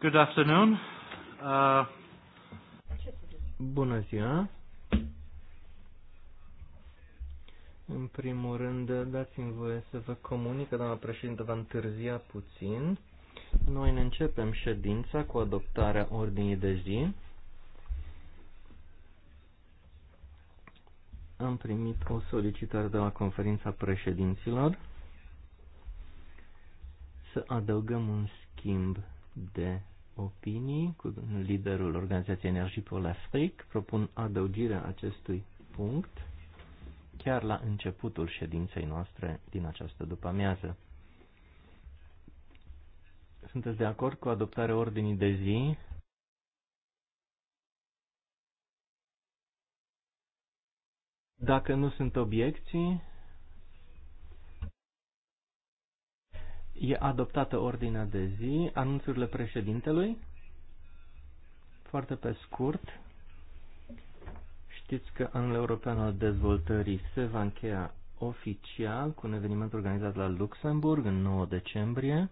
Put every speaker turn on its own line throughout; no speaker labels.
Good afternoon. Uh... Bună ziua. În primul rând, dați-mi voie să vă comunic că doamna președintă va întârzia puțin. Noi ne începem ședința cu adoptarea ordinii de zi. Am primit o solicitare de la conferința președinților să adăugăm un schimb de opinii cu liderul Organizației Energie pour l'Afrique. Propun adăugirea acestui punct chiar la începutul ședinței noastre din această după-amiază. Sunteți de acord cu adoptarea ordinii de zi? Dacă nu sunt obiecții, E adoptată ordinea de zi, anunțurile președintelui, foarte pe scurt. Știți că anul european al dezvoltării se va încheia oficial cu un eveniment organizat la Luxemburg în 9 decembrie.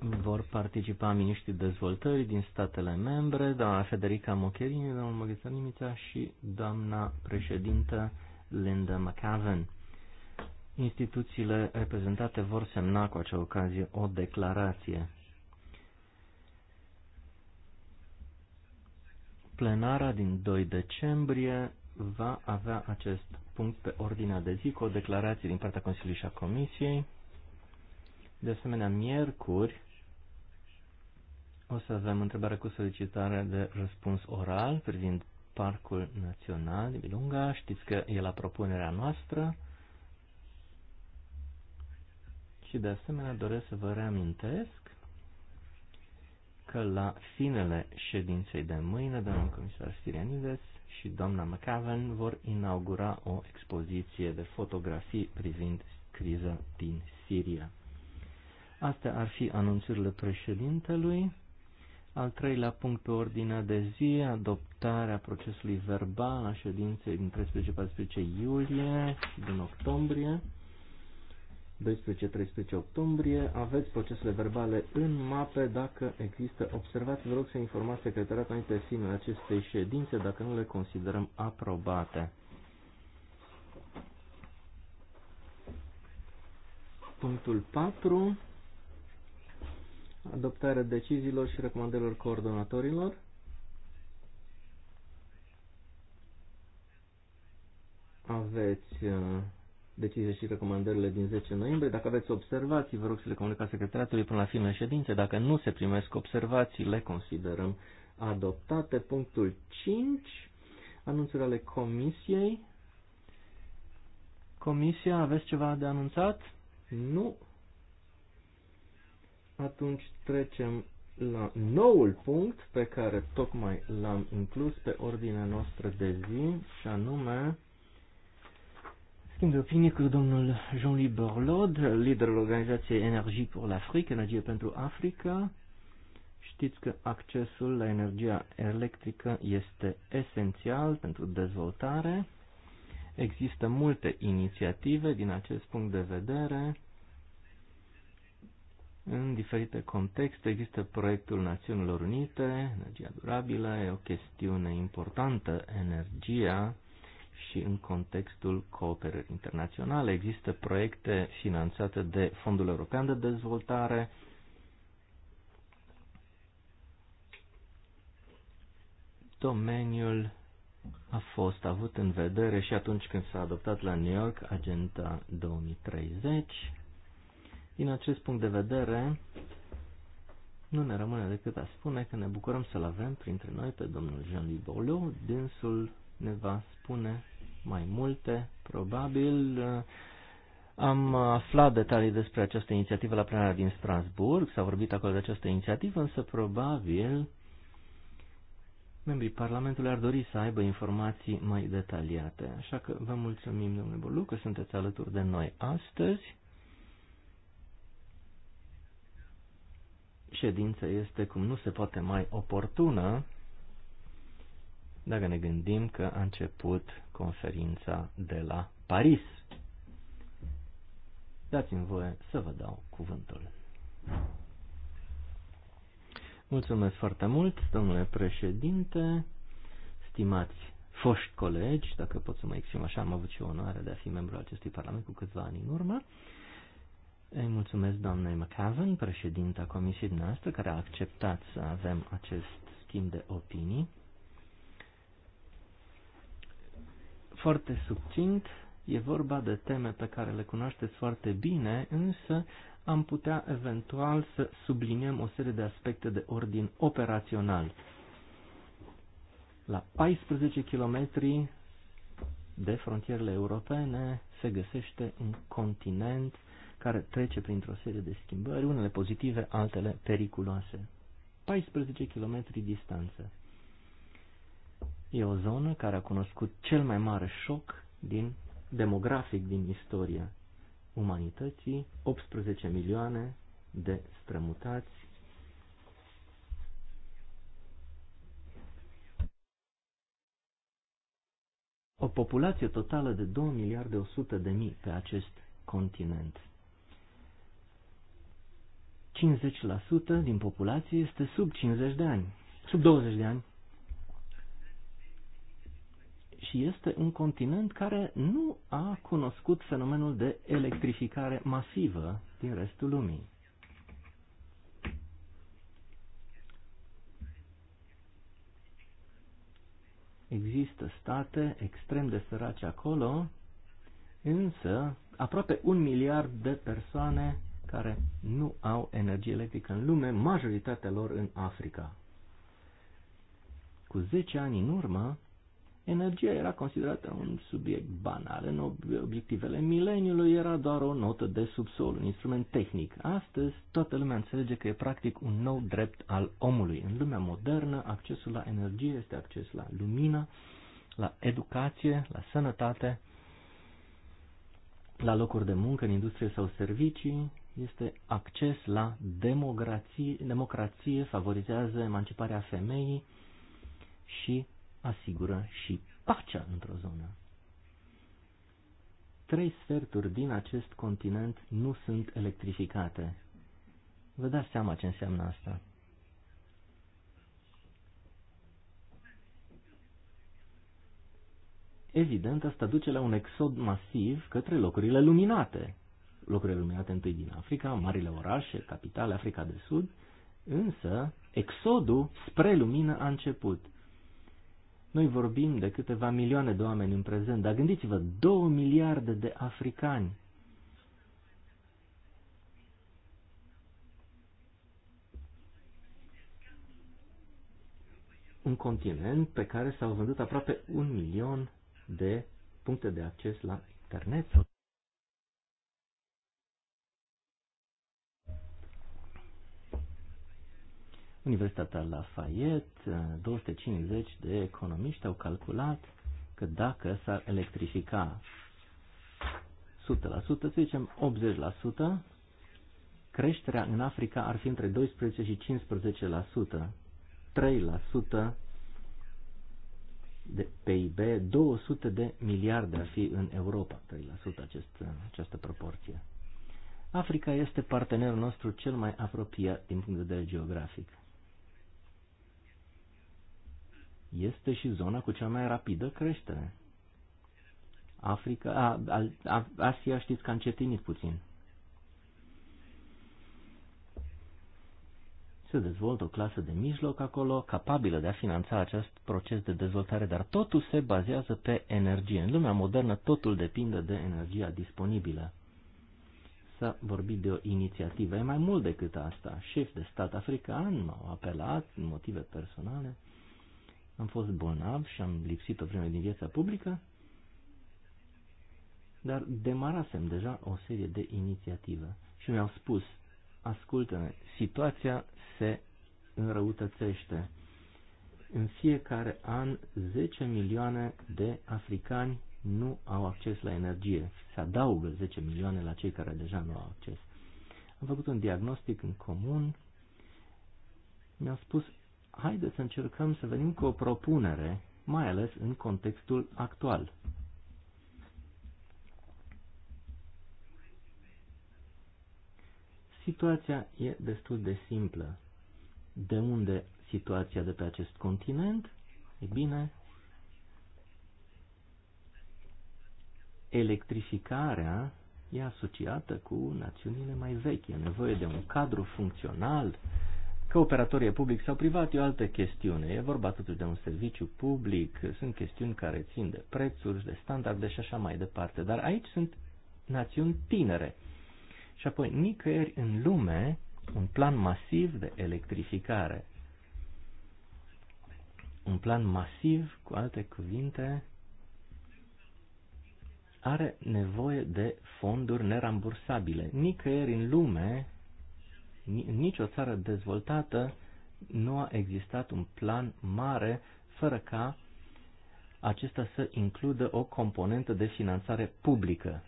Vor participa miniștrii dezvoltării din statele membre, doamna Federica Mocherini, doamna Măghețar Nimița și doamna președintă Linda McAven instituțiile reprezentate vor semna cu acea ocazie o declarație. Plenara din 2 decembrie va avea acest punct pe ordinea de zi cu o declarație din partea Consiliului și a Comisiei. De asemenea, miercuri o să avem întrebare cu solicitare de răspuns oral privind Parcul Național din Lunga. Știți că e la propunerea noastră. Și de asemenea doresc să vă reamintesc că la finele ședinței de mâine, domnul comisar Sirianides și doamna McAven vor inaugura o expoziție de fotografii privind criza din Siria. Astea ar fi anunțurile președintelui. Al treilea punct pe ordinea de zi, adoptarea procesului verbal a ședinței din 13-14 iulie și din octombrie. 12-13 octombrie. Aveți procesele verbale în mape. Dacă există observații, vă rog să informați secretariatul înainte de finul acestei ședințe, dacă nu le considerăm aprobate. Punctul 4. Adoptarea deciziilor și recomandărilor coordonatorilor. Aveți uh, decizie și recomandările din 10 noiembrie. Dacă aveți observații, vă rog să le comunicați secretariatului până la finele ședințe. Dacă nu se primesc observații, le considerăm adoptate. Punctul 5, anunțurile ale comisiei. Comisia, aveți ceva de anunțat? Nu. Atunci trecem la noul punct pe care tocmai l-am inclus pe ordinea noastră de zi și anume schimb de opinie că domnul Jean-Louis Borlaud, liderul organizației Energie pour l'Afrique, Energie pentru Africa. Știți că accesul la energia electrică este esențial pentru dezvoltare. Există multe inițiative din acest punct de vedere. În diferite contexte există proiectul Națiunilor Unite, energia durabilă, e o chestiune importantă, energia și în contextul cooperării internaționale. Există proiecte finanțate de Fondul European de Dezvoltare, domeniul a fost avut în vedere și atunci când s-a adoptat la New York Agenda 2030. Din acest punct de vedere, nu ne rămâne decât a spune că ne bucurăm să-l avem printre noi pe domnul Jean-Louis Bolu, Dânsul ne va spune mai multe, probabil. Am aflat detalii despre această inițiativă la plenarea din Strasburg, s-a vorbit acolo de această inițiativă, însă probabil membrii Parlamentului ar dori să aibă informații mai detaliate. Așa că vă mulțumim, domnule Bolu, că sunteți alături de noi astăzi. Ședința este cum nu se poate mai oportună dacă ne gândim că a început conferința de la Paris. Dați-mi voie să vă dau cuvântul. Mulțumesc foarte mult, domnule președinte, stimați foști colegi, dacă pot să mă exprim așa, am avut și onoarea de a fi membru al acestui parlament cu câțiva ani în urmă. Îi mulțumesc doamnei McAvan, președinta comisiei noastre, care a acceptat să avem acest schimb de opinii Foarte subțint, e vorba de teme pe care le cunoașteți foarte bine, însă am putea eventual să subliniem o serie de aspecte de ordin operațional. La 14 km de frontierele europene se găsește un continent care trece printr-o serie de schimbări, unele pozitive, altele periculoase. 14 km distanță. E o zonă care a cunoscut cel mai mare șoc din demografic din istoria umanității, 18 milioane de strămutați. O populație totală de 2 miliarde 100 de mii pe acest continent. 50% din populație este sub 50 de ani, sub 20 de ani și este un continent care nu a cunoscut fenomenul de electrificare masivă din restul lumii. Există state extrem de sărace acolo, însă aproape un miliard de persoane care nu au energie electrică în lume, majoritatea lor în Africa. Cu 10 ani în urmă, Energia era considerată un subiect banal în obiectivele mileniului, era doar o notă de subsol, un instrument tehnic. Astăzi, toată lumea înțelege că e practic un nou drept al omului. În lumea modernă, accesul la energie este acces la lumină, la educație, la sănătate, la locuri de muncă în industrie sau servicii, este acces la democrație, democrație favorizează emanciparea femeii și asigură și pacea într-o zonă. Trei sferturi din acest continent nu sunt electrificate. Vă dați seama ce înseamnă asta. Evident, asta duce la un exod masiv către locurile luminate. Locurile luminate întâi din Africa, marile orașe, capitale, Africa de Sud, însă exodul spre lumină a început. Noi vorbim de câteva milioane de oameni în prezent, dar gândiți-vă, două miliarde de africani. Un continent pe care s-au vândut aproape un milion de puncte de acces la internet Universitatea Lafayette, 250 eh, de economiști au calculat că dacă s-ar electrifica 100%, să zicem 80%, creșterea în Africa ar fi între 12 și 15%, 3% de PIB, 200 de miliarde ar fi în Europa, 3% acest, această proporție. Africa este partenerul nostru cel mai apropiat din punct de vedere geografic. este și zona cu cea mai rapidă creștere. Africa, a, a, a, Asia știți că a încetinit puțin. Se dezvoltă o clasă de mijloc acolo, capabilă de a finanța acest proces de dezvoltare, dar totul se bazează pe energie. În lumea modernă totul depinde de energia disponibilă. S-a vorbit de o inițiativă, e mai mult decât asta. Șef de stat african m-au apelat, motive personale am fost bolnav și am lipsit o vreme din viața publică, dar demarasem deja o serie de inițiative și mi-au spus, ascultă-ne, situația se înrăutățește. În fiecare an, 10 milioane de africani nu au acces la energie. Se adaugă 10 milioane la cei care deja nu au acces. Am făcut un diagnostic în comun. Mi-au spus haideți să încercăm să venim cu o propunere, mai ales în contextul actual. Situația e destul de simplă. De unde situația de pe acest continent? E bine, electrificarea e asociată cu națiunile mai vechi. E nevoie de un cadru funcțional, Că operatorii e public sau privat e o altă chestiune. E vorba totuși de un serviciu public, sunt chestiuni care țin de prețuri, de standarde și așa mai departe. Dar aici sunt națiuni tinere. Și apoi nicăieri în lume un plan masiv de electrificare. Un plan masiv, cu alte cuvinte, are nevoie de fonduri nerambursabile. Nicăieri în lume în nicio țară dezvoltată nu a existat un plan mare fără ca acesta să includă o componentă de finanțare publică.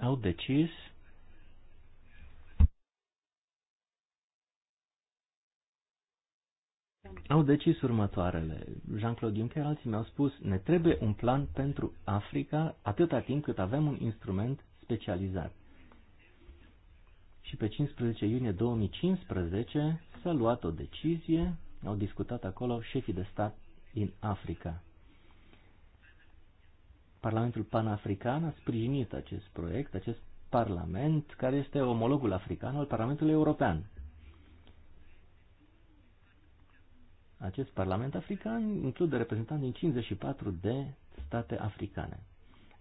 Au decis au decis următoarele. Jean-Claude Juncker, alții mi-au spus, ne trebuie un plan pentru Africa atâta timp cât avem un instrument specializat. Și pe 15 iunie 2015 s-a luat o decizie, au discutat acolo șefii de stat din Africa. Parlamentul Panafrican a sprijinit acest proiect, acest parlament, care este omologul african al Parlamentului European. Acest Parlament african include reprezentanți din 54 de state africane.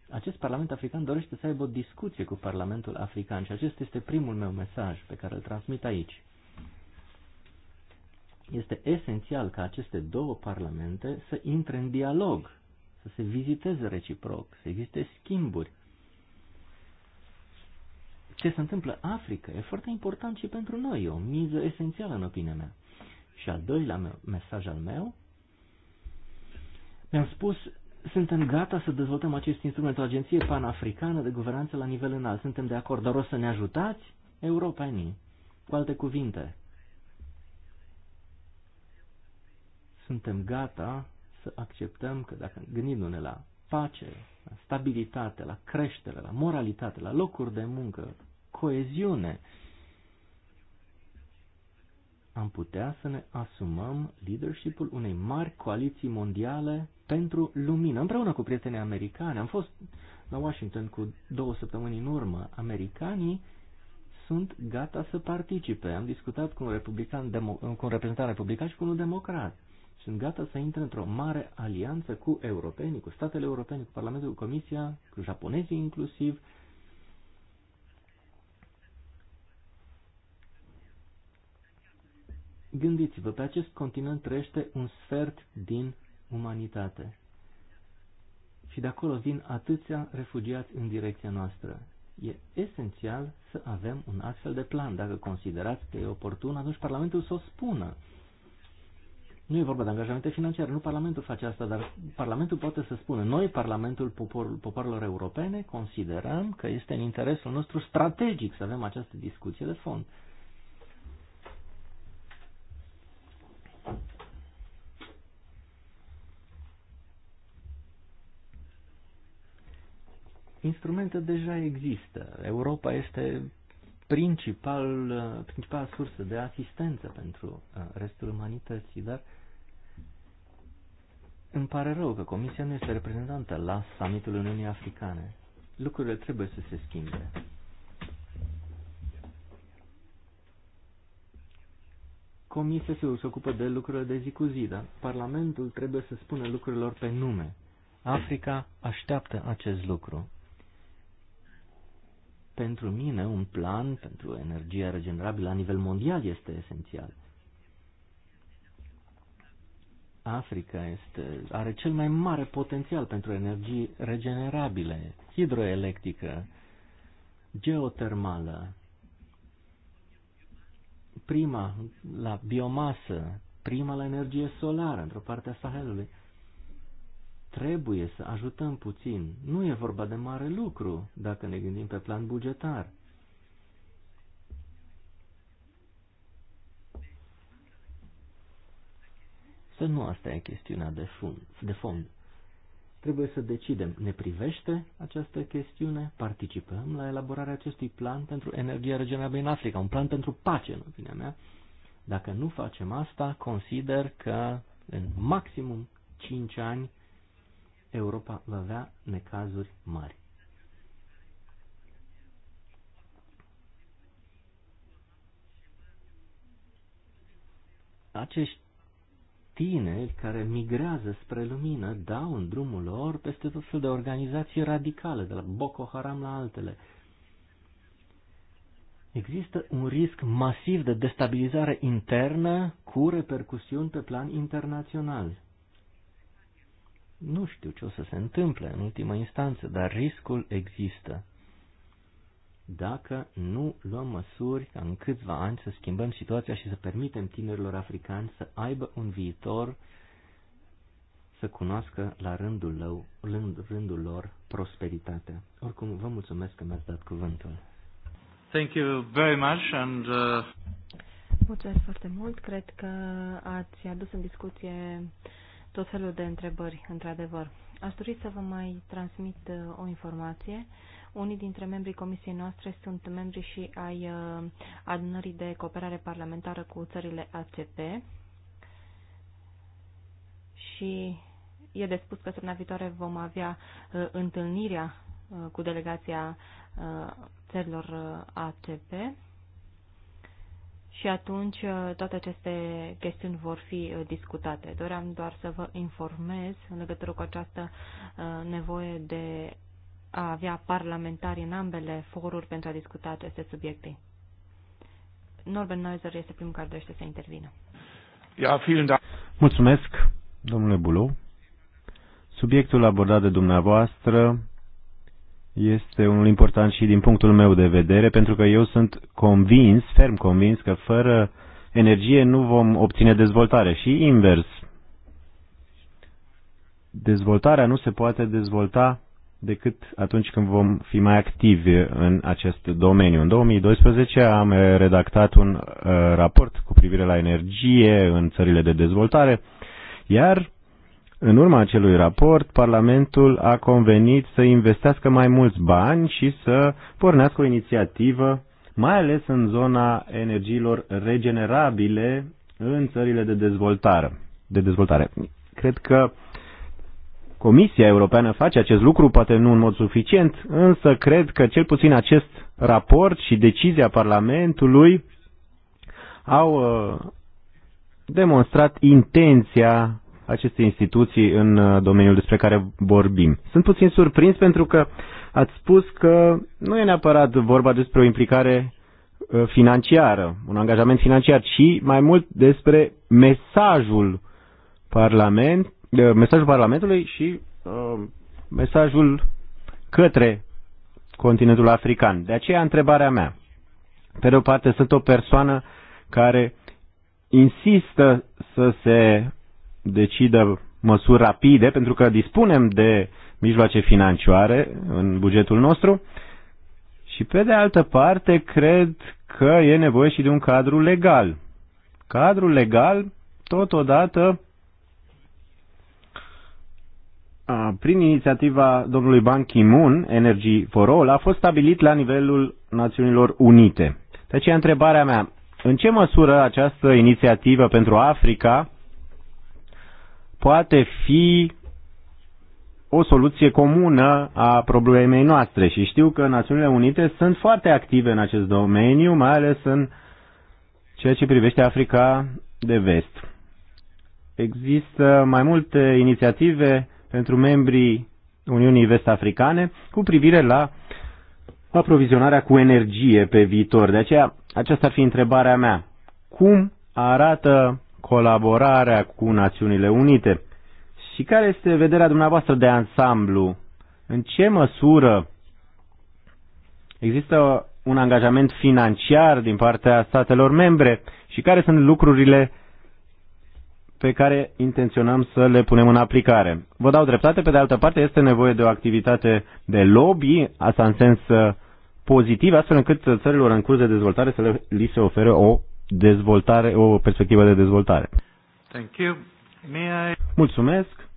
Acest Parlament african dorește să aibă o discuție cu Parlamentul african și acest este primul meu mesaj pe care îl transmit aici. Este esențial ca aceste două parlamente să intre în dialog, să se viziteze reciproc, să existe schimburi. Ce se întâmplă Africa e foarte important și pentru noi, e o miză esențială în opinia mea. Și al doilea meu, mesaj al meu, mi-am spus, suntem gata să dezvoltăm acest instrument, o agenție panafricană de guvernanță la nivel înalt, suntem de acord, dar o să ne ajutați europenii. Cu alte cuvinte, suntem gata să acceptăm că dacă gândindu-ne la pace, la stabilitate, la creștere, la moralitate, la locuri de muncă, coeziune, am putea să ne asumăm leadershipul unei mari coaliții mondiale pentru lumină. Împreună cu prietenii americani, am fost la Washington cu două săptămâni în urmă, americanii sunt gata să participe. Am discutat cu un, republican, cu un reprezentant republican și cu unul democrat. Sunt gata să intre într-o mare alianță cu europenii, cu statele europene, cu Parlamentul, cu Comisia, cu japonezii inclusiv, Gândiți-vă, pe acest continent trăiește un sfert din umanitate. Și de acolo vin atâția refugiați în direcția noastră. E esențial să avem un astfel de plan. Dacă considerați că e oportun, atunci Parlamentul să o spună. Nu e vorba de angajamente financiare, nu Parlamentul face asta, dar Parlamentul poate să spună. Noi, Parlamentul poporul, Poporilor Europene, considerăm că este în interesul nostru strategic să avem această discuție de fond. Instrumente deja există. Europa este principal, principal sursă de asistență pentru uh, restul umanității, dar îmi pare rău că Comisia nu este reprezentantă la summitul Uniunii Africane. Lucrurile trebuie să se schimbe. Comisia se ocupă de lucrurile de zi cu zi, dar Parlamentul trebuie să spună lucrurilor pe nume. Africa așteaptă acest lucru pentru mine un plan pentru energia regenerabilă la nivel mondial este esențial. Africa este, are cel mai mare potențial pentru energii regenerabile, hidroelectrică, geotermală, prima la biomasă, prima la energie solară într-o parte a Sahelului. Trebuie să ajutăm puțin. Nu e vorba de mare lucru dacă ne gândim pe plan bugetar. Să nu asta e chestiunea de, fund, de fond. Trebuie să decidem, ne privește această chestiune, participăm la elaborarea acestui plan pentru energia regenerabilă în Africa, un plan pentru pace, în opinia mea. Dacă nu facem asta, consider că în maximum 5 ani Europa va avea necazuri mari. Acești tineri care migrează spre lumină dau în drumul lor peste tot felul de organizații radicale, de la Boko Haram la altele. Există un risc masiv de destabilizare internă cu repercusiuni pe plan internațional. Nu știu ce o să se întâmple în ultima instanță, dar riscul există. Dacă nu luăm măsuri ca în câțiva ani să schimbăm situația și să permitem tinerilor africani să aibă un viitor, să cunoască la rândul, lău, rând, rândul lor prosperitatea. Oricum, vă mulțumesc că mi-ați dat cuvântul. Thank you very much and, uh...
Mulțumesc foarte mult. Cred că ați adus în discuție uh, tot felul de întrebări, într-adevăr. Aș dori să vă mai transmit uh, o informație. Unii dintre membrii comisiei noastre sunt membri și ai uh, adunării de cooperare parlamentară cu țările ACP și e de spus că săptămâna viitoare vom avea uh, întâlnirea cu delegația țărilor ACP și atunci uh, toate aceste chestiuni vor fi uh, discutate. Doream doar să vă informez în legătură cu această uh, nevoie de a avea parlamentari în ambele foruri pentru a discuta aceste subiecte. Norbert Neuser este primul care dorește să intervină.
Ja, Mulțumesc, domnule Bulou. Subiectul abordat de dumneavoastră este unul important și din punctul meu de vedere, pentru că eu sunt convins, ferm convins, că fără energie nu vom obține dezvoltare și invers. Dezvoltarea nu se poate dezvolta decât atunci când vom fi mai activi în acest domeniu. În 2012 am redactat un uh, raport cu privire la energie în țările de dezvoltare, iar în urma acelui raport, Parlamentul a convenit să investească mai mulți bani și să pornească o inițiativă, mai ales în zona energiilor regenerabile în țările de dezvoltare. De dezvoltare. Cred că Comisia Europeană face acest lucru, poate nu în mod suficient, însă cred că cel puțin acest raport și decizia Parlamentului au uh, demonstrat intenția aceste instituții în uh, domeniul despre care vorbim. Sunt puțin surprins pentru că ați spus că nu e neapărat vorba despre o implicare uh, financiară, un angajament financiar, ci mai mult despre mesajul parlament, uh, mesajul Parlamentului și mesajul către continentul african. De aceea întrebarea mea. Pe de o parte, sunt o persoană care insistă să se decidă măsuri rapide, pentru că dispunem de mijloace financiare în bugetul nostru. Și pe de altă parte, cred că e nevoie și de un cadru legal. Cadrul legal, totodată, prin inițiativa domnului Ban Ki-moon, Energy for All, a fost stabilit la nivelul Națiunilor Unite. De deci aceea, întrebarea mea, în ce măsură această inițiativă pentru Africa poate fi o soluție comună a problemei noastre și știu că Națiunile Unite sunt foarte active în acest domeniu, mai ales în ceea ce privește Africa de vest. Există mai multe inițiative pentru membrii Uniunii Vest-Africane cu privire la aprovizionarea cu energie pe viitor. De aceea, aceasta ar fi întrebarea mea. Cum arată colaborarea cu Națiunile Unite. Și care este vederea dumneavoastră de ansamblu? În ce măsură există un angajament financiar din partea statelor membre și care sunt lucrurile pe care intenționăm să le punem în aplicare. Vă dau dreptate, pe de altă parte este nevoie de o activitate de lobby, asta în sens uh, pozitiv, astfel încât țărilor în curs de dezvoltare să le, li se ofere o dezvoltare, o perspectivă de dezvoltare.
Thank you. May I...
Mulțumesc.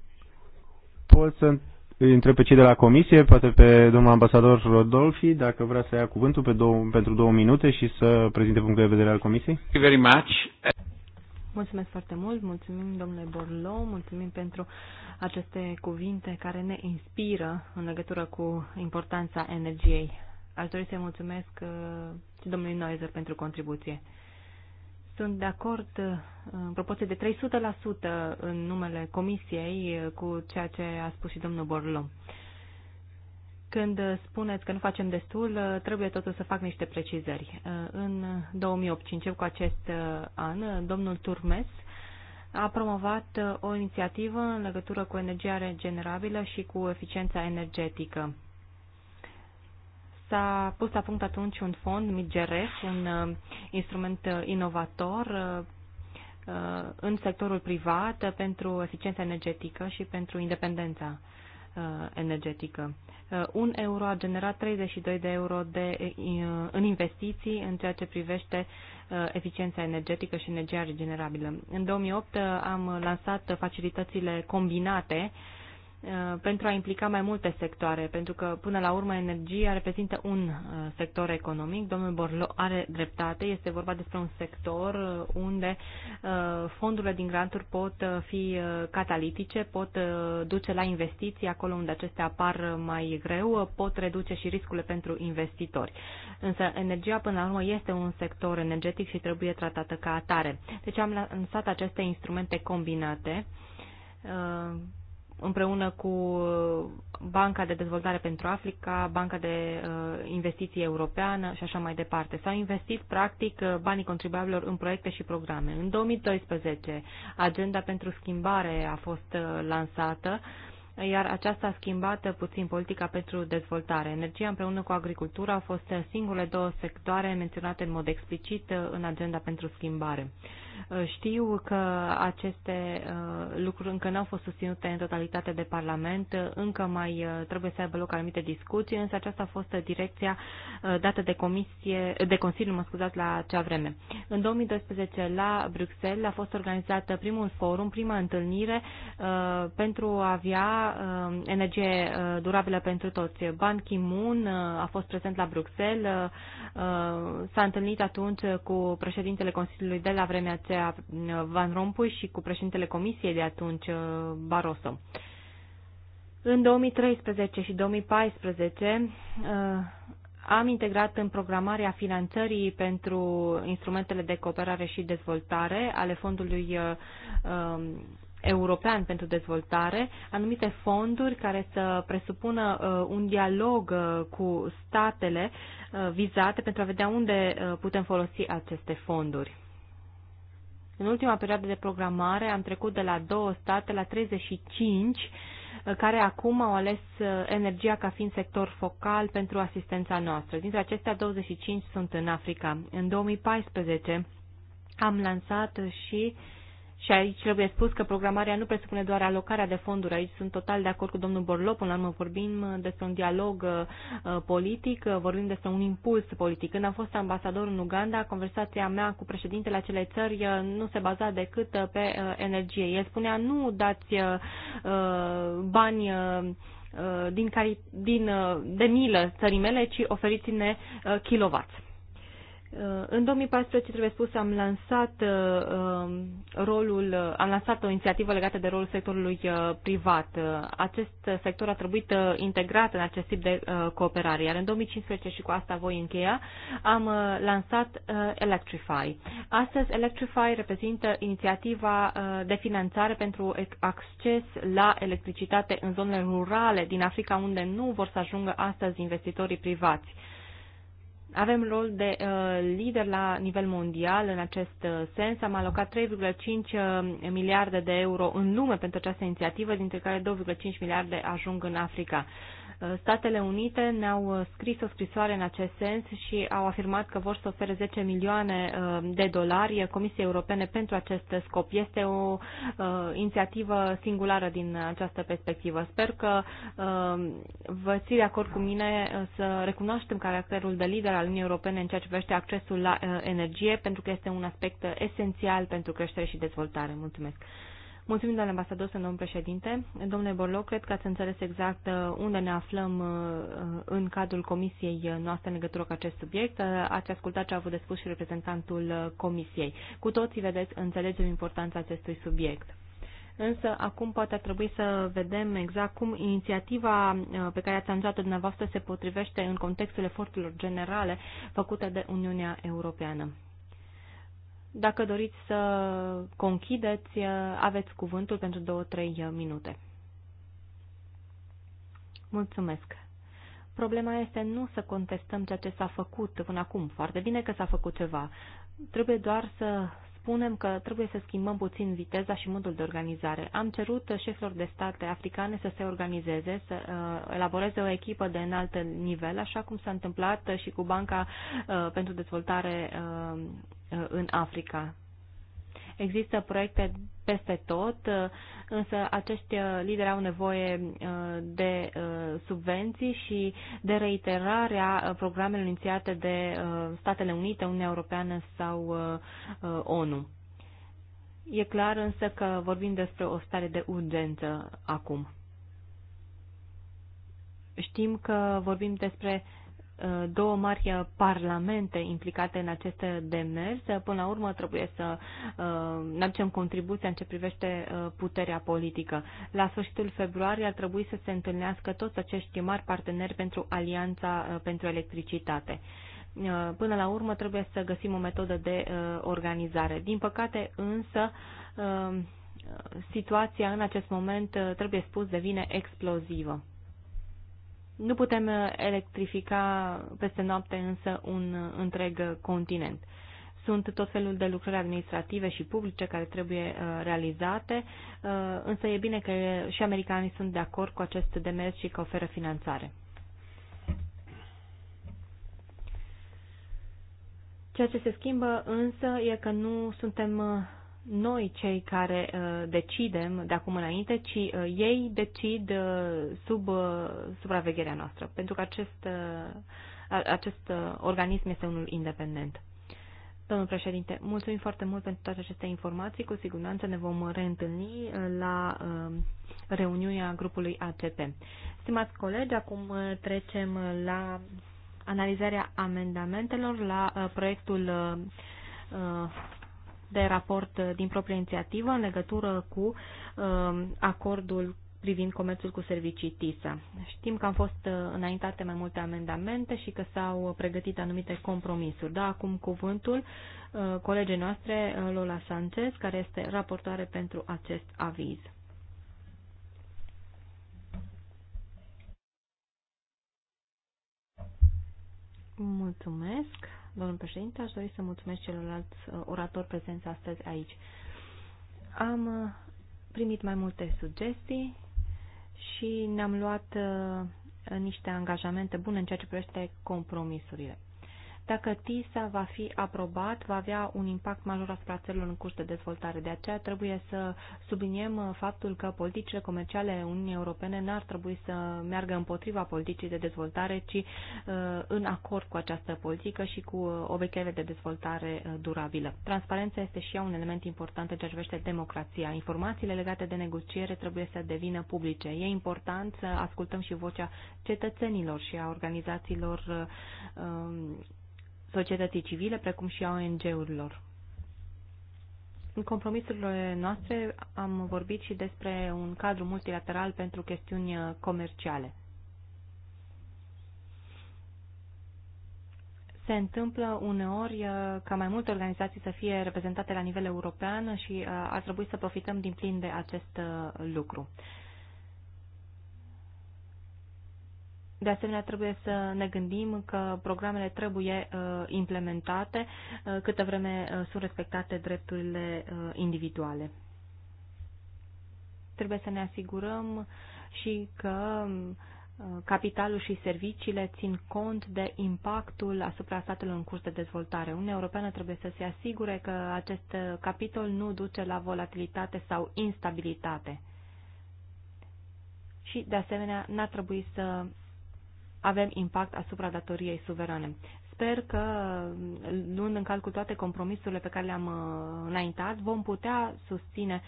Pot să întreb pe cei de la comisie, poate pe domnul ambasador Rodolfi, dacă vrea să ia cuvântul pe dou- pentru două minute și să prezinte punctul de vedere al comisiei. Thank you very
much. Mulțumesc foarte mult, mulțumim domnule Borlo, mulțumim pentru aceste cuvinte care ne inspiră în legătură cu importanța energiei. Aș dori să mulțumesc uh, și domnului Noizer pentru contribuție. Sunt de acord uh, în proporție de 300% în numele Comisiei uh, cu ceea ce a spus și domnul Borlom. Când uh, spuneți că nu facem destul, trebuie totuși să fac niște precizări. În 2008, încep cu acest an, domnul Turmes a promovat o inițiativă în legătură cu energia regenerabilă și cu eficiența energetică. S-a pus la punct atunci un fond, MIGRF, un uh, instrument uh, inovator uh, în sectorul privat pentru eficiența energetică și pentru independența energetică. Un euro a generat 32 de euro de, în investiții în ceea ce privește eficiența energetică și energia regenerabilă. În 2008 am lansat facilitățile combinate uh, Uh, pentru a implica mai multe sectoare, pentru că până la urmă energia reprezintă un uh, sector economic. Domnul Borlo are dreptate, este vorba despre un sector uh, unde fondurile din granturi pot fi catalitice, pot duce la investiții acolo unde acestea apar mai greu, pot reduce și riscurile pentru investitori. Însă energia până la urmă este un sector energetic și trebuie tratată ca atare. Deci am lansat aceste instrumente combinate împreună cu uh, Banca de Dezvoltare pentru Africa, Banca de uh, Investiții Europeană și așa mai departe. S-au investit, practic, uh, banii contribuabilor în proiecte și programe. În 2012, agenda pentru schimbare a fost lansată, iar aceasta a schimbat puțin politica pentru dezvoltare. Energia împreună cu agricultura au fost singurele două sectoare menționate în mod explicit în agenda pentru schimbare. Uh, știu că aceste uh, lucruri încă nu au fost susținute în totalitate de Parlament, uh, încă mai trebuie să aibă loc anumite discuții, însă aceasta a fost direcția dată de, comisie, de Consiliu mă scuzați, la acea vreme. În 2012, la Bruxelles, a fost organizat primul forum, prima întâlnire pentru a avea energie durabilă pentru toți. Ban Ki-moon a fost prezent la Bruxelles, s-a întâlnit atunci cu președintele Consiliului de la vremea președinția Van Rompuy și cu președintele Comisiei de atunci, uh, Barroso. În 2013 și 2014 uh, am integrat în programarea finanțării pentru instrumentele de cooperare și dezvoltare ale Fondului uh, um, European pentru Dezvoltare anumite fonduri care să presupună un dialog cu statele vizate pentru a vedea unde putem folosi aceste fonduri. În ultima perioadă de programare am trecut de la două state la 35 uh, care acum au ales uh, energia ca fiind sector focal pentru asistența noastră. Dintre acestea, 25 sunt în Africa. În 2014 am lansat și uh, și aici trebuie spus că programarea nu presupune doar alocarea de fonduri. Aici sunt total de acord cu domnul Borlo. Până la urmă vorbim despre un dialog uh, politic, uh, vorbim despre un impuls politic. Când am fost ambasador în Uganda, conversația mea cu președintele acelei țări uh, nu se baza decât pe energie. El spunea nu dați bani din, care din de milă țării mele, ci oferiți-ne kilovați. Uh, în 2014, trebuie spus, am lansat uh, um, rolul, uh, am lansat o inițiativă legată de rolul sectorului privat. Acest sector a trebuit integrat în acest tip de cooperare, iar în 2015 și cu asta voi încheia, am lansat Electrify. Astăzi, Electrify reprezintă inițiativa de finanțare pentru acces la electricitate în zonele rurale din Africa, unde nu vor să ajungă astăzi investitorii privați. Avem rol de uh, lider la nivel mondial în acest uh, sens. Am alocat 3,5 uh, miliarde de euro în lume pentru această inițiativă, dintre care 2,5 miliarde ajung în Africa. Statele Unite ne-au uh, scris o scrisoare în acest sens și au afirmat că vor să ofere 10 milioane uh, de dolari Comisiei Europene pentru acest scop. Este o uh, inițiativă singulară din această perspectivă. Sper că vă ții de acord cu mine să recunoaștem caracterul de lider al Uniunii Europene în ceea ce privește accesul la energie, pentru că este un aspect esențial pentru creștere și dezvoltare. Mulțumesc! Mulțumim, doamne ambasador, să domnul președinte. Domnule Borlo, cred că ați înțeles exact uh, unde ne aflăm uh, uh, în cadrul comisiei noastre în legătură cu acest subiect. Ați ascultat ce a avut de spus și reprezentantul comisiei. Cu toții, vedeți, înțelegem importanța acestui subiect. Însă acum poate ar trebui să vedem exact cum inițiativa pe care ați anunțat-o dumneavoastră se potrivește în contextul eforturilor generale făcute de Uniunea Europeană. Dacă doriți să conchideți, uh, aveți cuvântul pentru 2-3 uh, minute. Mulțumesc. Problema este nu să contestăm ceea ce s-a făcut până acum. Foarte bine că s-a făcut ceva. Trebuie doar să spunem că trebuie să schimbăm puțin viteza și modul de organizare. Am cerut șefilor de state africane să se organizeze, să uh, elaboreze o echipă de înalt nivel, așa cum s-a întâmplat și cu Banca uh, pentru Dezvoltare uh, Uh, în Africa. Există proiecte peste tot, uh, însă acești uh, lideri au nevoie de subvenții și de reiterarea programelor inițiate de Statele Unite, Uniunea Europeană sau ONU. E clar însă că vorbim despre o stare de urgență acum. Știm că vorbim despre Uh, două mari parlamente implicate în acest demers. Până la urmă trebuie să ne uh, aducem contribuția în ce privește uh, puterea politică. La sfârșitul februarie ar trebui să se întâlnească toți acești mari parteneri pentru Alianța pentru Electricitate până la urmă trebuie să găsim o metodă de uh, organizare. Din păcate însă uh, situația în acest moment, uh, trebuie spus, devine explozivă. Nu putem uh, electrifica peste noapte însă un uh, întreg uh, continent. Sunt tot felul de lucrări administrative și publice care trebuie realizate, însă e bine că și americanii sunt de acord cu acest demers și că oferă finanțare. Ceea ce se schimbă însă e că nu suntem noi cei care uh, decidem de acum înainte, ci uh, ei decid uh, sub uh, supravegherea noastră, pentru că acest, uh, acest uh, organism este unul independent. Domnul președinte, mulțumim foarte mult pentru toate aceste informații. Cu siguranță ne vom reîntâlni uh, la uh, reuniunea grupului ACP. Stimați colegi, acum uh, trecem la analizarea amendamentelor la proiectul de raport uh, din proprie inițiativă în legătură cu uh, acordul privind comerțul cu servicii TISA. Știm că au fost uh, înaintate mai multe amendamente și că s-au pregătit anumite compromisuri. Da, acum cuvântul colegei noastre, Lola Sanchez, care este raportoare pentru acest aviz. Mulțumesc. Domnul președinte, aș dori să mulțumesc celorlalți uh, oratori prezenți astăzi aici. Am uh, primit mai multe sugestii și ne-am luat uh, niște angajamente bune în ceea ce privește compromisurile. Dacă TISA va fi aprobat, va avea un impact major asupra țărilor în curs de dezvoltare. De aceea trebuie să subliniem uh, faptul că politicile comerciale Uniunii Europene n-ar trebui să meargă împotriva politicii de dezvoltare, ci uh, în acord cu această politică și cu uh, obiectivele de dezvoltare durabilă. Transparența este și ea un element important în ceea ce privește democrația. Informațiile legate de negociere trebuie să devină publice. E important să ascultăm și vocea cetățenilor și a organizațiilor um, societății civile, precum și a ONG-urilor. În compromisurile noastre am vorbit și despre un cadru multilateral pentru chestiuni comerciale. se întâmplă uneori uh, ca mai multe organizații să fie reprezentate la nivel european și uh, ar trebui să profităm din plin de acest uh, lucru. De asemenea, trebuie să ne gândim că programele trebuie uh, implementate uh, câtă vreme uh, sunt respectate drepturile individuale. Trebuie să ne asigurăm și că capitalul și serviciile țin cont de impactul asupra statelor în curs de dezvoltare. Uniunea Europeană trebuie să se asigure că acest capitol nu duce la volatilitate sau instabilitate. Și, de asemenea, n-ar trebui să avem impact asupra datoriei suverane. Sper că, luând în calcul toate compromisurile pe care le-am uh, înaintat, vom putea susține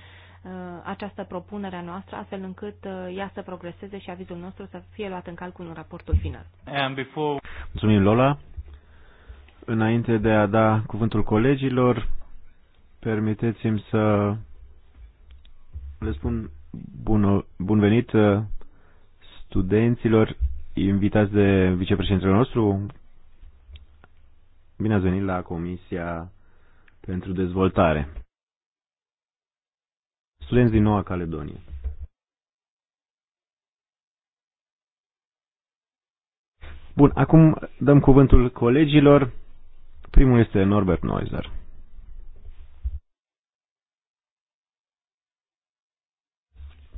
uh, această propunere a noastră, astfel încât uh, ea să progreseze și avizul nostru să fie luat în calcul în raportul final.
Before... Mulțumim, Lola. Înainte de a da cuvântul colegilor, permiteți-mi să le spun bun, bun venit studenților invitați de vicepreședintele nostru. Bine ați venit la Comisia pentru Dezvoltare. Studenți din Noua Caledonie. Bun, acum dăm cuvântul colegilor. Primul este Norbert Neuser.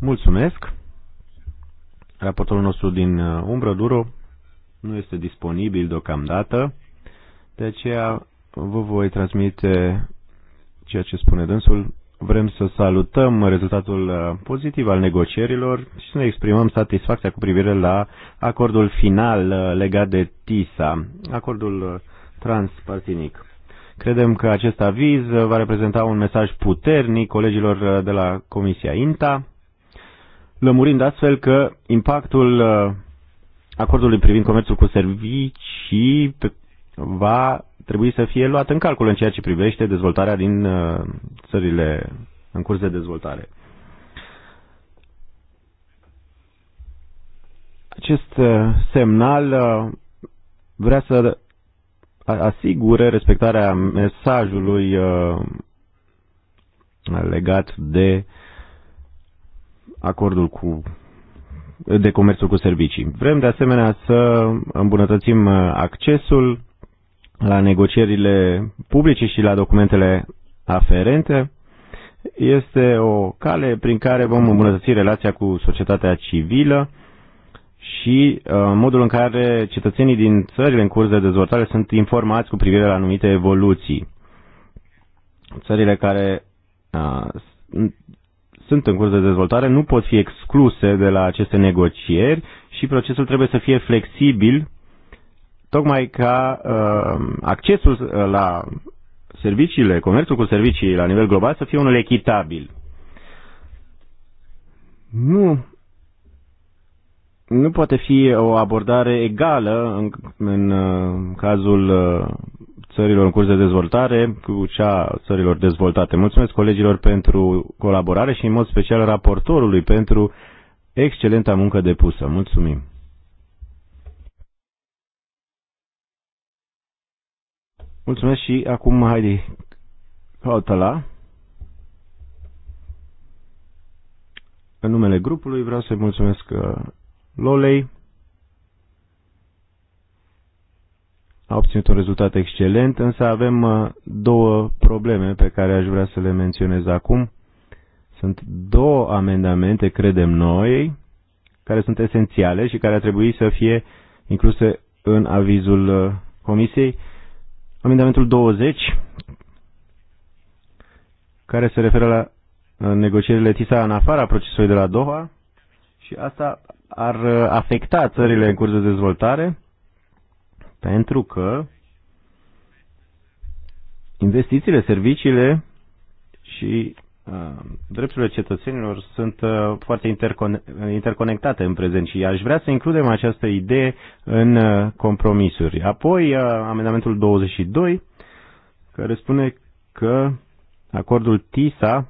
Mulțumesc. Raportorul nostru din uh, umbră, Duro, nu este disponibil deocamdată, de aceea vă voi transmite ceea ce spune dânsul. Vrem să salutăm rezultatul uh, pozitiv al negocierilor și să ne exprimăm satisfacția cu privire la acordul final uh, legat de TISA, acordul transpartinic. Credem că acest aviz va reprezenta un mesaj puternic colegilor de la Comisia INTA lămurind astfel că impactul uh, acordului privind comerțul cu servicii va trebui să fie luat în calcul în ceea ce privește dezvoltarea din uh, țările în curs de dezvoltare. Acest uh, semnal vrea să asigure respectarea mesajului legat de uh, acordul cu, de comerțul cu servicii. Vrem de asemenea să îmbunătățim uh, accesul la negocierile publice și la documentele aferente. Este o cale prin care vom îmbunătăți relația cu societatea civilă și uh, modul în care cetățenii din țările în curs de dezvoltare sunt informați cu privire la anumite evoluții. Țările care uh, sunt în curs de dezvoltare nu pot fi excluse de la aceste negocieri și procesul trebuie să fie flexibil, tocmai ca uh, accesul uh, la serviciile, comerțul cu servicii la nivel global să fie unul echitabil. Nu nu poate fi o abordare egală în, în, în uh, cazul uh, țărilor în curs de dezvoltare cu cea a țărilor dezvoltate. Mulțumesc colegilor pentru colaborare și în mod special raportorului pentru excelenta muncă depusă. Mulțumim! Mulțumesc și acum Heidi Hautala. În numele grupului vreau să-i mulțumesc uh, Lolei a obținut un rezultat excelent, însă avem uh, două probleme pe care aș vrea să le menționez acum. Sunt două amendamente, credem noi, care sunt esențiale și care ar trebui să fie incluse în avizul uh, Comisiei. Amendamentul 20, care se referă la uh, negocierile TISA în afara procesului de la Doha și asta ar afecta țările în curs de dezvoltare pentru că investițiile, serviciile și uh, drepturile cetățenilor sunt uh, foarte intercone- interconectate în prezent și aș vrea să includem această idee în uh, compromisuri. Apoi, amendamentul 22, care spune că acordul TISA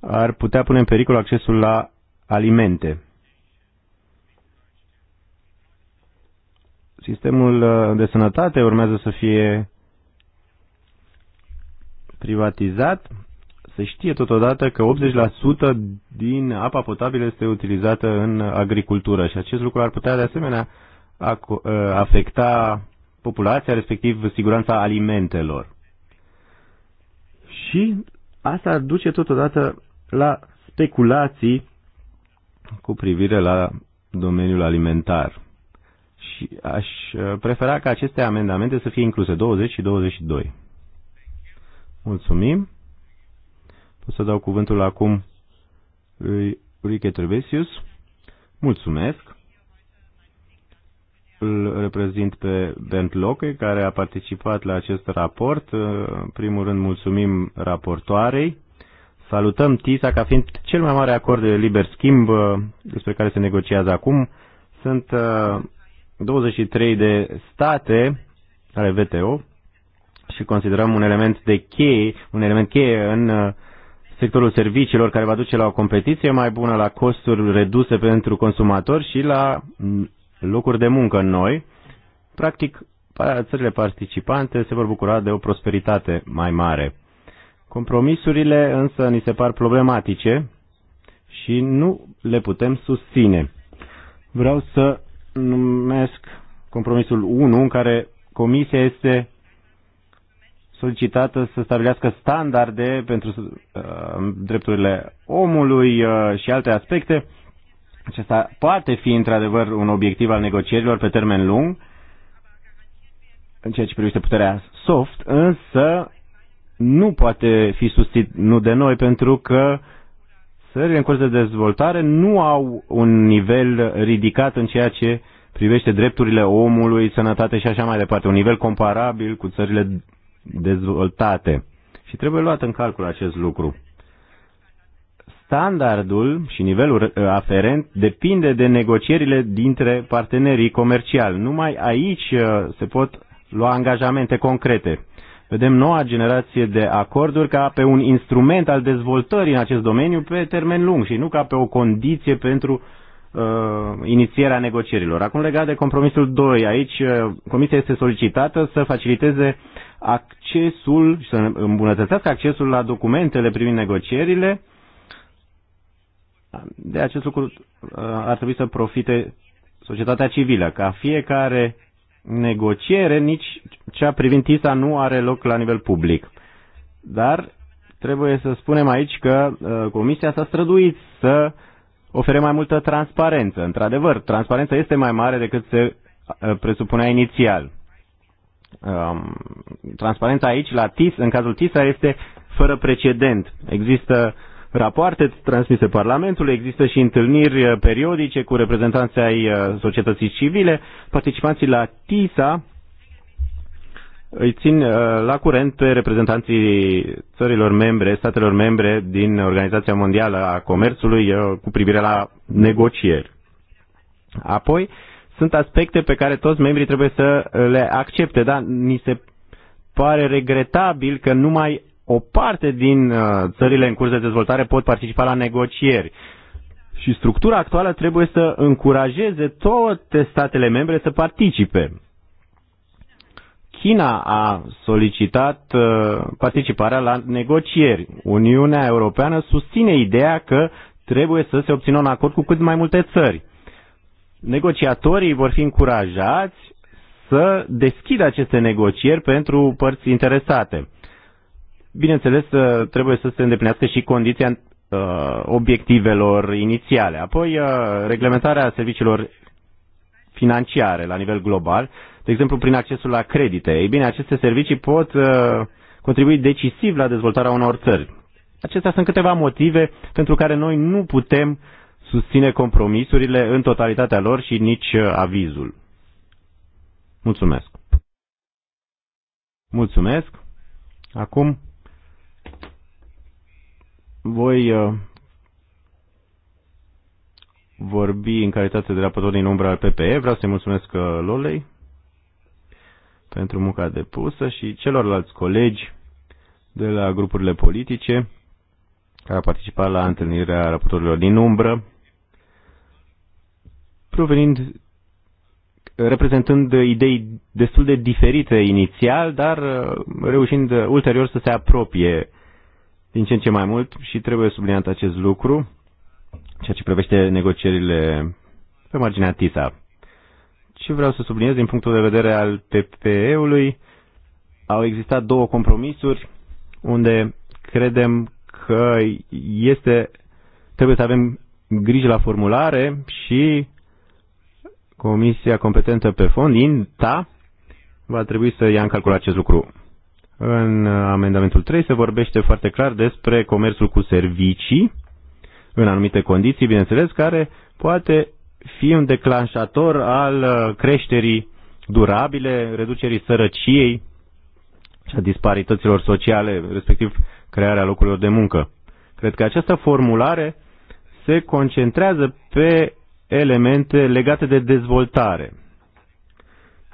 ar putea pune în pericol accesul la alimente. Sistemul uh, de sănătate urmează să fie privatizat. Se știe totodată că 80% din apa potabilă este utilizată în agricultură și acest lucru ar putea de asemenea uh, afecta populația, respectiv siguranța alimentelor. Și asta ar duce totodată la speculații cu privire la domeniul alimentar. Și aș uh, prefera ca aceste amendamente să fie incluse 20 și 22. Mulțumim. Pot să dau cuvântul acum lui Ulrike Trebesius. Mulțumesc. Îl reprezint pe Bent Locke, care a participat la acest raport. În primul rând, mulțumim raportoarei. Salutăm TISA ca fiind cel mai mare acord de liber schimb uh, despre care se negociază acum. Sunt uh, 23 de state ale VTO și considerăm un element de cheie, un element cheie în uh, sectorul serviciilor care va duce la o competiție mai bună, la costuri reduse pentru consumatori și la mm, locuri de muncă noi. Practic, țările participante se vor bucura de o prosperitate mai mare. Compromisurile însă ni se par problematice și nu le putem susține. Vreau să numesc compromisul 1, în care Comisia este solicitată să stabilească standarde pentru uh, drepturile omului uh, și alte aspecte. Acesta poate fi într-adevăr un obiectiv al negocierilor pe termen lung, în ceea ce privește puterea soft, însă nu poate fi susținut de noi pentru că țări în curs de dezvoltare nu au un nivel ridicat în ceea ce privește drepturile omului, sănătate și așa mai departe, un nivel comparabil cu țările dezvoltate. Și trebuie luat în calcul acest lucru. Standardul și nivelul aferent depinde de negocierile dintre partenerii comerciali. Numai aici uh, se pot lua angajamente concrete vedem noua generație de acorduri ca pe un instrument al dezvoltării în acest domeniu pe termen lung și nu ca pe o condiție pentru uh, inițierea negocierilor. Acum legat de compromisul 2, aici uh, Comisia este solicitată să faciliteze accesul și să îmbunătățească accesul la documentele privind negocierile. De acest lucru uh, ar trebui să profite societatea civilă, ca fiecare negociere, nici cea privind TISA nu are loc la nivel public. Dar trebuie să spunem aici că uh, Comisia s-a străduit să ofere mai multă transparență. Într-adevăr, transparența este mai mare decât se uh, presupunea inițial. Um, transparența aici, la TIS, în cazul TISA, este fără precedent. Există uh, rapoarte transmise Parlamentului, există și întâlniri uh, periodice cu reprezentanții ai uh, societății civile, participanții la TISA, îi țin uh, la curent pe reprezentanții țărilor membre, statelor membre din Organizația Mondială a Comerțului cu privire la negocieri. Apoi, sunt aspecte pe care toți membrii trebuie să le accepte, dar ni se pare regretabil că numai o parte din uh, țările în curs de dezvoltare pot participa la negocieri. Și structura actuală trebuie să încurajeze toate statele membre să participe. China a solicitat uh, participarea la negocieri. Uniunea Europeană susține ideea că trebuie să se obțină un acord cu cât mai multe țări. Negociatorii vor fi încurajați să deschidă aceste negocieri pentru părți interesate bineînțeles, uh, trebuie să se îndeplinească și condiția uh, obiectivelor inițiale. Apoi, uh, reglementarea serviciilor financiare la nivel global, de exemplu, prin accesul la credite. Ei bine, aceste servicii pot contribui decisiv la dezvoltarea unor țări. Acestea sunt câteva motive pentru care noi nu putem susține compromisurile în totalitatea lor și nici avizul. Mulțumesc. Mulțumesc. Acum voi uh, vorbi în calitate de raportor din umbra al PPE. Vreau să-i mulțumesc uh, Lolei pentru munca depusă și celorlalți colegi de la grupurile politice care au participat la întâlnirea raportorilor din umbră, provenind, reprezentând idei destul de diferite inițial, dar uh, reușind ulterior să se apropie din ce în ce mai mult și trebuie subliniat acest lucru, ceea ce privește negocierile pe marginea TISA. Ce vreau să subliniez din punctul de vedere al PPE-ului, au existat două compromisuri unde credem că este, trebuie să avem grijă la formulare și Comisia competentă pe fond, INTA, va trebui să ia în calcul acest lucru. În amendamentul 3 se vorbește foarte clar despre comerțul cu servicii, în anumite condiții, bineînțeles, care poate fi un declanșator al uh, creșterii durabile, reducerii sărăciei și a disparităților sociale, respectiv crearea locurilor de muncă. Cred că această formulare se concentrează pe elemente legate de dezvoltare.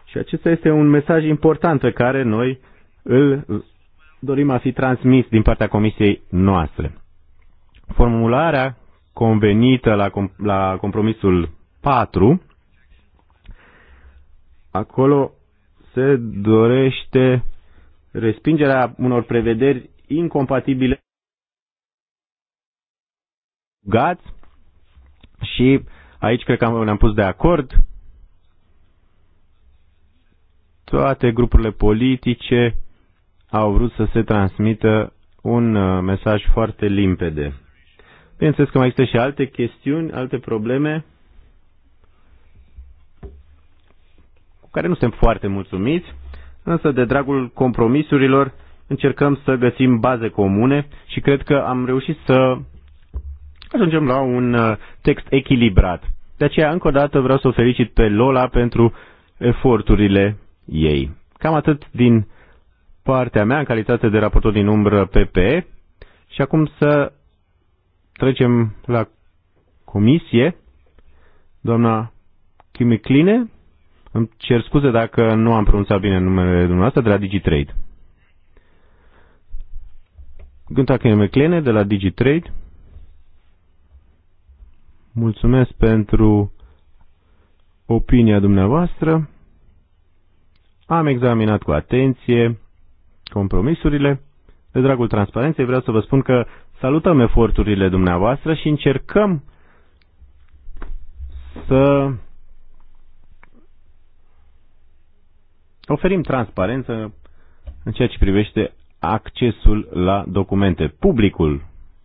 Și acesta este un mesaj important pe care noi îl dorim a fi transmis din partea comisiei noastre. Formularea convenită la, com- la compromisul 4, acolo se dorește respingerea unor prevederi incompatibile gați și aici cred că ne-am pus de acord toate grupurile politice au vrut să se transmită un uh, mesaj foarte limpede. Bineînțeles că mai există și alte chestiuni, alte probleme cu care nu suntem foarte mulțumiți, însă de dragul compromisurilor încercăm să găsim baze comune și cred că am reușit să ajungem la un uh, text echilibrat. De aceea, încă o dată, vreau să o felicit pe Lola pentru eforturile ei. Cam atât din partea mea în calitate de raportor din umbră PP și acum să trecem la comisie. Doamna Chimicline, îmi cer scuze dacă nu am pronunțat bine numele dumneavoastră, de la DigiTrade. Gânta Chimicline de la DigiTrade. Mulțumesc pentru opinia dumneavoastră. Am examinat cu atenție compromisurile. De dragul transparenței vreau să vă spun că salutăm eforturile dumneavoastră și încercăm să oferim transparență în ceea ce privește accesul la documente. Publicul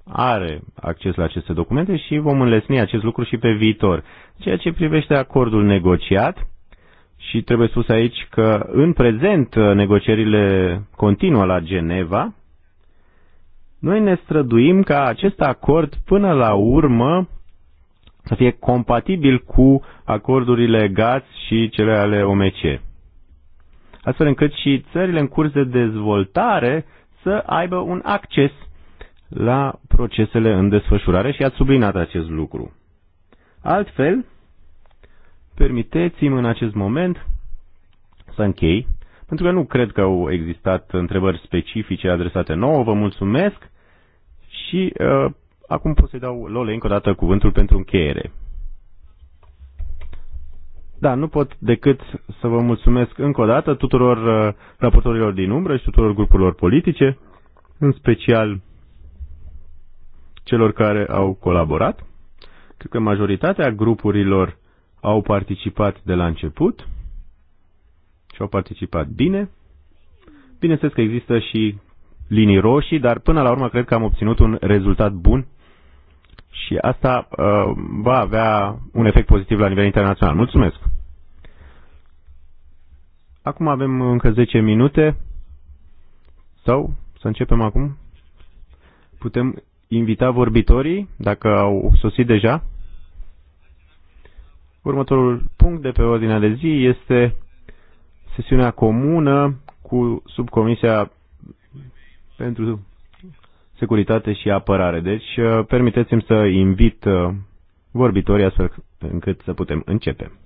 are acces la aceste documente și vom înlesni acest lucru și pe viitor. Ceea ce privește acordul negociat, și trebuie spus aici că în prezent negocierile continuă la Geneva. Noi ne străduim ca acest acord până la urmă să fie compatibil cu acordurile GATS și cele ale OMC. Astfel încât și țările în curs de dezvoltare să aibă un acces la procesele în desfășurare și ați sublinat acest lucru. Altfel, Permiteți-mi în acest moment să închei, pentru că nu cred că au existat întrebări specifice adresate nouă. Vă mulțumesc și uh, acum pot să-i dau Lole încă o dată cuvântul pentru încheiere. Da, nu pot decât să vă mulțumesc încă o dată tuturor uh, raportorilor din umbră și tuturor grupurilor politice, în special celor care au colaborat. Cred că majoritatea grupurilor au participat de la început și au participat bine. Bineînțeles că există și linii roșii, dar până la urmă cred că am obținut un rezultat bun și asta uh, va avea un efect pozitiv la nivel internațional. Mulțumesc! Acum avem încă 10 minute sau să începem acum? Putem invita vorbitorii dacă au sosit deja? Următorul punct de pe ordinea de zi este sesiunea comună cu subcomisia pentru securitate și apărare. Deci, uh, permiteți-mi să invit uh, vorbitorii astfel încât să putem începe.